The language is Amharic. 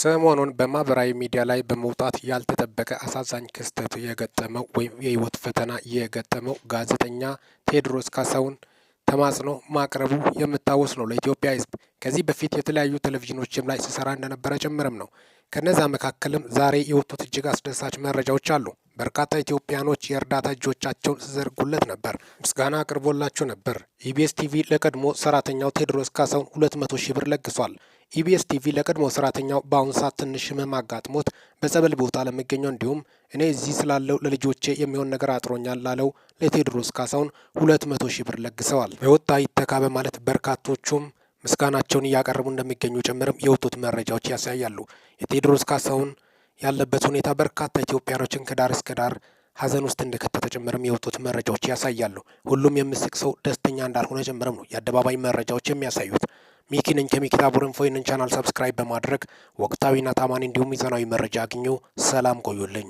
ሰሞኑን በማህበራዊ ሚዲያ ላይ በመውጣት ያልተጠበቀ አሳዛኝ ክስተት የገጠመው ወይም የህይወት ፈተና የገጠመው ጋዜጠኛ ቴዎድሮስ ካሳሁን ተማጽኖ ማቅረቡ የምታወስ ነው ለኢትዮጵያ ህዝብ ከዚህ በፊት የተለያዩ ቴሌቪዥኖችም ላይ ሲሰራ እንደነበረ ጭምርም ነው። ከነዛ መካከልም ዛሬ የወጡት እጅግ አስደሳች መረጃዎች አሉ። በርካታ ኢትዮጵያኖች የእርዳታ እጆቻቸውን ሲዘርጉለት ነበር። ምስጋና አቅርቦላቸው ነበር። ኢቢኤስ ቲቪ ለቀድሞ ሰራተኛው ቴዎድሮስ ካሳሁን 200 ሺህ ብር ለግሷል። ኢቢኤስ ቲቪ ለቀድሞ ሰራተኛው በአሁኑ ሰዓት ትንሽ ህመም አጋጥሞት በጸበል ቦታ ለሚገኘው እንዲሁም እኔ እዚህ ስላለው ለልጆቼ የሚሆን ነገር አጥሮኛል ላለው ለቴዎድሮስ ካሳሁን 200 ሺህ ብር ለግሰዋል። በወጣ ይተካ በማለት በርካቶቹም ምስጋናቸውን እያቀረቡ እንደሚገኙ ጭምርም የወጡት መረጃዎች ያሳያሉ። የቴድሮስ ካሳሁን ያለበት ሁኔታ በርካታ ኢትዮጵያኖችን ከዳር እስከ ዳር ሀዘን ውስጥ እንደከተተ ጭምርም የወጡት መረጃዎች ያሳያሉ። ሁሉም የምስቅ ሰው ደስተኛ እንዳልሆነ ጭምርም ነው የአደባባይ መረጃዎች የሚያሳዩት። ሚኪ ነኝ ከሚኪታ ቡርንፎይንን ቻናል ሰብስክራይብ በማድረግ ወቅታዊና ታማኒ እንዲሁም ሚዛናዊ መረጃ አግኙ። ሰላም ቆዩልኝ።